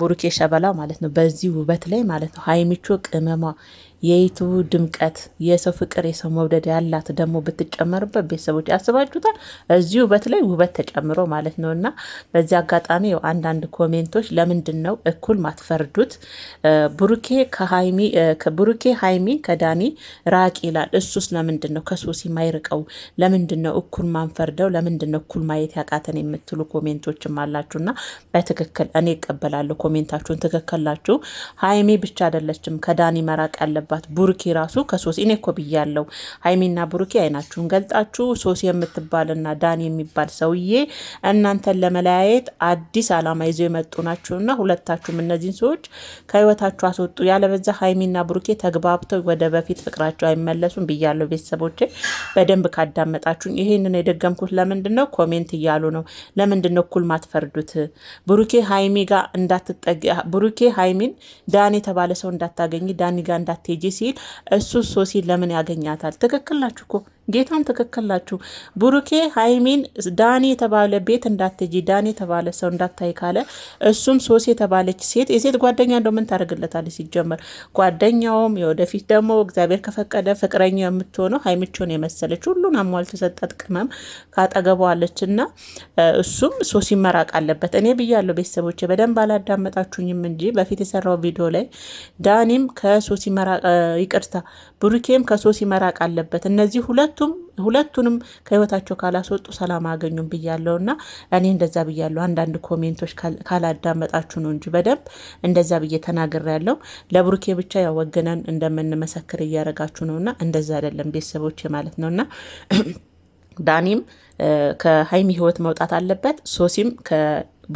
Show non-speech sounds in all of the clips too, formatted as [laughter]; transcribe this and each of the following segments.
ቡሩኬ ሸበላ ማለት ነው። በዚህ ውበት ላይ ማለት ነው ሀይሚቾ ቅመማ የዩቱቡ ድምቀት፣ የሰው ፍቅር፣ የሰው መውደድ ያላት ደግሞ ብትጨመርበት ቤተሰቦች ያስባችሁታል። እዚህ ውበት ላይ ውበት ተጨምሮ ማለት ነው። እና በዚህ አጋጣሚ አንዳንድ ኮሜንቶች ለምንድን ነው እኩል ማትፈርዱት? ቡሩኬ ሀይሚ ከዳኒ ራቅ ይላል። እሱስ ለምንድን ነው ከሶሲ ማይርቀው? ለምንድን ነው እኩል ማንፈርደው? ለምንድን ነው እኩል ማየት ያቃተን የምትሉ ኮሜንቶችም እና በትክክል እኔ ይቀበላለሁ። ኮሜንታችሁን ትክክላችሁ። ሀይሚ ብቻ አይደለችም ከዳኒ መራቅ ያለባት ቡሩኬ ራሱ ከሶሲ እኔ እኮ ብያለሁ። ሀይሚና ቡሩኬ አይናችሁን ገልጣችሁ ሶሲ የምትባልና ዳኒ የሚባል ሰውዬ እናንተን ለመለያየት አዲስ አላማ ይዘው የመጡ ናችሁና ሁለታችሁም እነዚህን ሰዎች ከህይወታችሁ አስወጡ። ያለበዛ ሀይሚና ቡሩኬ ተግባብተው ወደ በፊት ፍቅራቸው አይመለሱም ብያለሁ። ቤተሰቦቼ በደንብ ካዳመጣችሁኝ ይህንን የደገምኩት ለምንድን ነው ኮሜንት እያሉ ነው። ለምንድን ነው እኩል ማትፈርዱት? ቡሩኬ ሀይሚ ጋር እንዳት ብሩኬ ሀይሚን ዳን የተባለ ሰው እንዳታገኝ ዳኒ ጋር እንዳትሄጂ ሲል እሱ ሶሲን ለምን ያገኛታል? ትክክል ናችሁ እኮ ጌታን ትክክል ናችሁ። ብሩኬ ሀይሚን ዳኒ የተባለ ቤት እንዳትጂ ዳኒ የተባለ ሰው እንዳታይ ካለ እሱም ሶስ የተባለች ሴት የሴት ጓደኛ እንደምን ምን ታደርግለታለች? ሲጀመር ጓደኛውም የወደፊት ደግሞ እግዚአብሔር ከፈቀደ ፍቅረኛ የምትሆነው ሀይሚቾን የመሰለች ሁሉን አሟልቶ የሰጣት ቅመም ካጠገቧለች እና እሱም ሶስ ይመራቅ አለበት። እኔ ብያለሁ ቤተሰቦች በደንብ አላዳመጣችሁኝም እንጂ በፊት የሰራው ቪዲዮ ላይ ዳኒም ከሶስ ይመራቅ ይቅርታ፣ ብሩኬም ከሶስ ይመራቅ አለበት። እነዚህ ሁለት ሁለቱም ሁለቱንም ከህይወታቸው ካላስወጡ ሰላም አገኙም ብያለው እና እኔ እንደዛ ብያለሁ። አንዳንድ ኮሜንቶች ካላዳመጣችሁ ነው እንጂ በደንብ እንደዛ ብዬ ያለው ለብሩኬ ብቻ ያወገነን እንደምንመሰክር እያረጋችሁ ነው እና እንደዛ አይደለም ቤተሰቦች ማለት ነው እና [clears throat] ዳኒም ከሀይሚ ህይወት መውጣት አለበት ሶሲም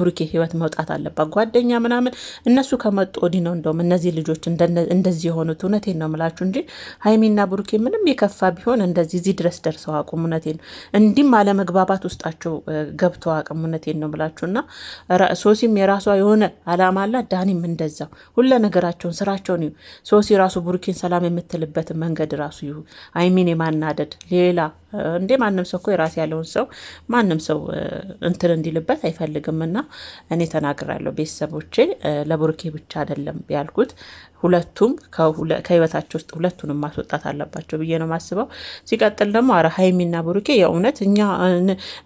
ብሩኬ ህይወት መውጣት አለባት። ጓደኛ ምናምን እነሱ ከመጡ ወዲህ ነው እንደውም እነዚህ ልጆች እንደዚህ የሆኑት። እውነቴን ነው የምላችሁ እንጂ ሀይሚና ብሩኬ ምንም የከፋ ቢሆን እንደዚህ እዚህ ድረስ ደርሰው አቁም። እውነቴን ነው እንዲህም አለመግባባት ውስጣቸው ገብተው አቅም። እውነቴን ነው የምላችሁ እና ሶሲም የራሷ የሆነ አላማ አላት፣ ዳኒም እንደዛው ሁለ ነገራቸውን ስራቸውን ሶሲ ራሱ ብሩኬን ሰላም የምትልበትን መንገድ ራሱ ይሁ ሀይሚን የማናደድ ሌላ እንዴ ማንም ሰው እኮ የራሴ ያለውን ሰው ማንም ሰው እንትን እንዲልበት አይፈልግም። እና እኔ ተናግራለሁ ቤተሰቦቼ ለብሩኬ ብቻ አይደለም ያልኩት፣ ሁለቱም ከህይወታቸው ውስጥ ሁለቱንም ማስወጣት አለባቸው ብዬ ነው የማስበው። ሲቀጥል ደግሞ አረ ሀይሚና ብሩኬ የእውነት እኛ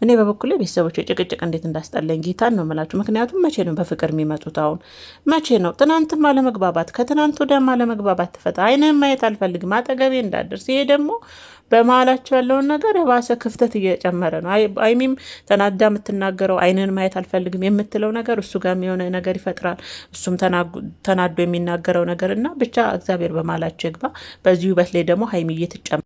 እኔ በበኩሌ ቤተሰቦች ጭቅጭቅ እንዴት እንዳስጠለኝ ጌታን ነው የምላችሁ። ምክንያቱም መቼ ነው በፍቅር የሚመጡት? አሁን መቼ ነው? ትናንትም አለመግባባት፣ ከትናንት ወዲያም አለመግባባት። ትፈታ አይንህም ማየት አልፈልግም አጠገቤ እንዳደርስ ይሄ ደግሞ በመሀላቸው ያለውን ነገር የባሰ ክፍተት እየጨመረ ነው። አይሚም ተናዳ የምትናገረው አይንን ማየት አልፈልግም የምትለው ነገር እሱ ጋር የሆነ ነገር ይፈጥራል። እሱም ተናዶ የሚናገረው ነገር እና ብቻ እግዚአብሔር በመሀላቸው ይግባ። በዚህ ውበት ላይ ደግሞ ሀይሚ እየትጨመ